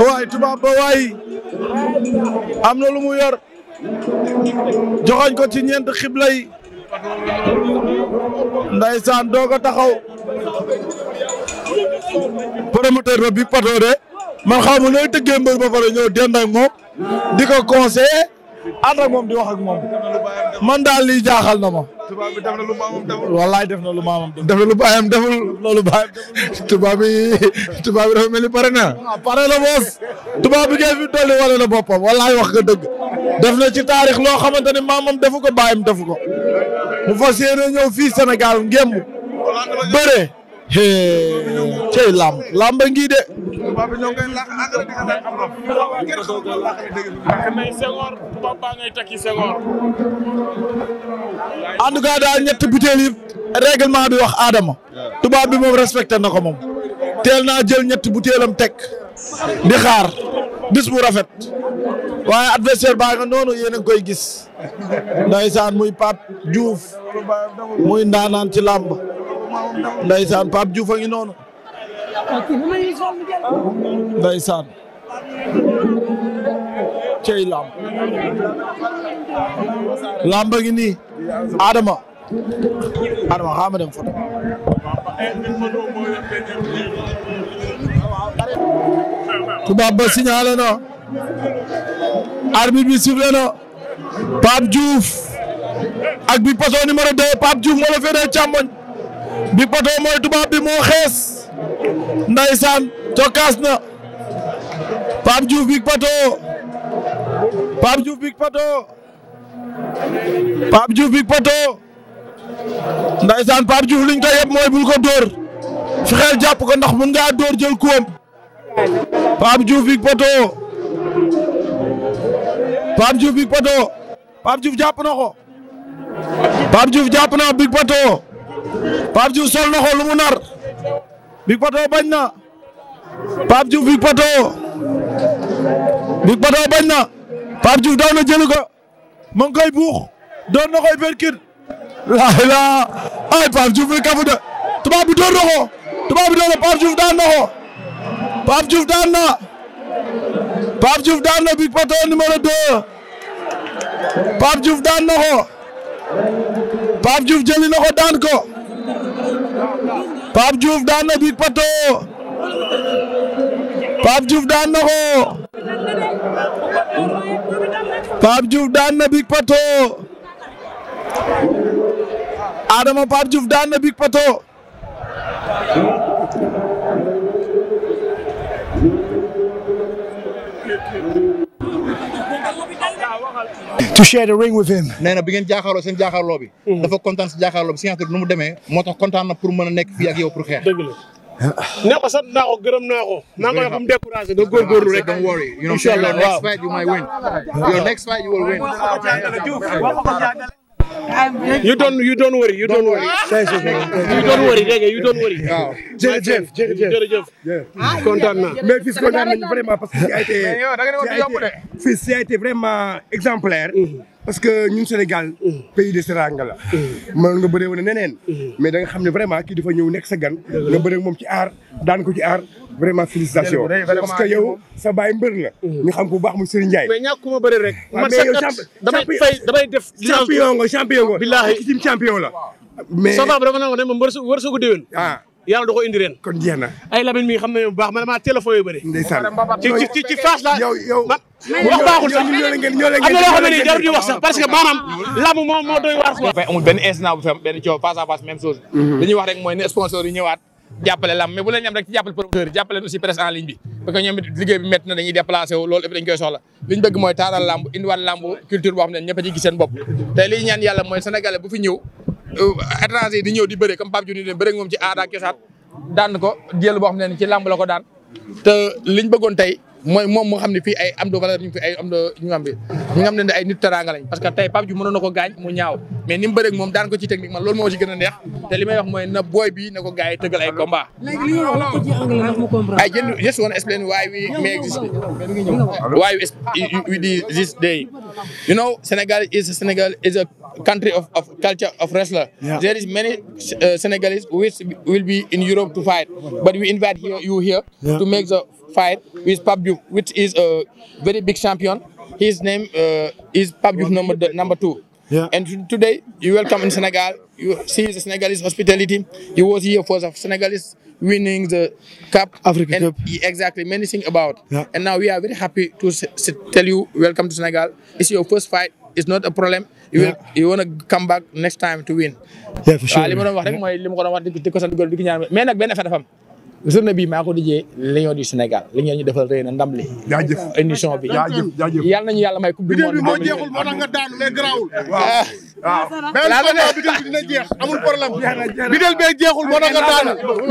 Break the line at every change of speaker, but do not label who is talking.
waay tubaab ba waay am na lu mu yor joxoñ ko ci ñeent xibla yi ndaysaan doog a taxaw promoteur ba bi pato de man xaw ma nooy tëggee ba pare ñëw dend moom di ko conseiller ànd ak moom di wax ak moom man daal lii jaaxal na ma. tubaab bi def na lu maamam deful. wallaay def na lu maamam deful. def na lu baayam deful. loolu baayam deful. tubaab bi tubaab bi dafa mel ni pare na. waaw ah, pare na boos. tubaab bi kay fi dolli wane na boppam wallaay wax nga dëgg. def na ci taarix loo xamante ni maamam defu ko baayam defu ko. mu fas yéene ñëw fii Sénégal ngémb. bëre. cey làmb làmb ngi de. tubaab bi ñoo ngi di daal ñetti butéel yi règlement bi wax Adama. tubaab bi moom respecté na ko moom. teel naa jël ñetti butéelam teg. di xaar bis bu rafet. waaye adversaire baa nga noonu yéen a ngi koy gis. ndaysaan muy Pape Diouf muy ndaanaan ci làmb. ndaysaan Pape Diouf a ngi noonu. ndeysaan cey làmb Adama Adama xaaral ma dem foto tubaab ba signalé na arbitre bi sifflé na Pape Diouf ak bi poto numéro 2 Pape Diouf moo la féetee càmmoñ bi poto mooy tubaab bi moo xees Ndeysaan cokkaas na Pape Diouf Big Pato Pape Diouf Big Pato Pape Diouf Big Pato Ndeysaan Pape mooy bul ko dóor fexeel jàpp ko ndax mun gaa dóor jël kuwam Pape Diouf Big Pato Pape Diouf Big Pato jàpp na ko Pape Diouf jàpp na Big Pato Pape Diouf sol na ko lu mu nar Big Pato bañ na Pape Diouf Big Pato Big Pato bañ na Pape Diouf daw na jël ko ma ngi buux doon na koy perkit laa laa ay Pape Diouf mi kafu de tubaab bi doon na ko tubaab bi doon na Pape Diouf daan na ko Pape daan na Big Pato numéro 2 Pape Diouf daan na ko Pape Diouf jëli na ko daan ko Pape Diouf daan na Big Pato Pape Diouf daan na ko Pape Diouf daan na Big Pato Adama Pape Diouf daan na Big Pato
to share the ring with him. nee a bi ngeen jaaxaarloo seen jaaxaarloo bi. Mhm. dafa kontaan si jaaxaarloo bi signature bi nu mu demee. moo tax kontaan na pour mën a nekk fii ak yow pour xeex. dëgg la ne ko sant naa ko gërëm naa ko. naa ko bu mu next fight you win. your next fight you win.
you don't you don't worry you don't worry. you don't worry dégg nga you don't worry. waaw jërëjëf jërëjëf jërëjëf.
Ah, kontaan naa mais fii kontaan nañu vraiment parce que si ay te
fii si ay te vraiment exemplaire. Mm.
parce que ñun Sénégal pays de Seranga la. Mm. mënoon nga bëree woon neneen. Mm. mais da nga xam ne vraiment kii dafa ñëw nekk sa gan. nga bëree moom ci aar daan ko ci aar. vraiment félicitations parce que yow sa baay la. Mm. ñu xam bu baax mu Serigne Ndiaye. mais
ñàkkuma bëri rek. Ah, man damay fay damay def. champion nga champion nga. billaahi ci ne ma wër sa ko déwén. ah yàlla da ko indi na. ay Lamine mi xam nañu bu baax man maa téléphone ci ci la. yow wax baaxul sax am na loo xam ne jarul wax sax parce que maanaam
lamb moo moo doy benn instant benn coow face à face même dañuy mm-hmm. wax rek mooy ne sponsor yi ñëwaat jàppale lam mais bu leen ñam rek ci jàppale promoteur yi jàppale aussi presse en ligne bi parce ñoom it liggéey bi métti na dañuy déplacé wu loolu soxla li bëgg mooy taaral lamb indiwaat lamb culture boo xam ne ñëpp a ci gis seen te li ñaan yàlla mooy sénégalais bu fi ñëw euh, étranger di ñëw di bëre comme Pape Diouf di bëre moom ci aada ak cosaat daan ko jël boo xam ne ci lamb la ko daan te liñ bëggoon tey mooy moom moo xam ne fii ay am de valeur ñu fi ay am de ñu xam ne ñu xam ne ay nit teraanga lañ parce que tey Pape Diouf mënoon na ko gaañ mu ñaaw mais ni mu bëreeg moom daan ko ci technique man loolu moo ci gën a neex te li may wax mooy na booy bi na ko gars yi tëggal ay combat I just want to explain why we may exist why we exist day you know Senegal is Senegal is a country of, of culture of wrestler yeah. there is many uh, Senegalese which will be in Europe to fight but we invite here, you here yeah. to make the fight with Pape a very big champion his name uh, is Pape Diouf number number two yeah. and today you welcome in Senegal you see the Senegalese hospitality he was here for the winning the cup Africa and exactly many things about now we are very happy to tell you welcome to Senegal it's your first fight it's not a problem you want to come back next time to win yeah for wax rek mooy li ma ko doon wax di ko di ko ñaan mais nag benn affaire journée bi maa ko dijee Lions du Sénégal li ngeen ñu defal rëy na li jaajëf émission bi jaajëf jaajëf yàlla nañu yàlla may coupe du monde moo jeexul moo tax nga
daanu mais garaawul waaw waaw benn bi dina jeex amul problème bidel bee jeexul moo tax nga daanu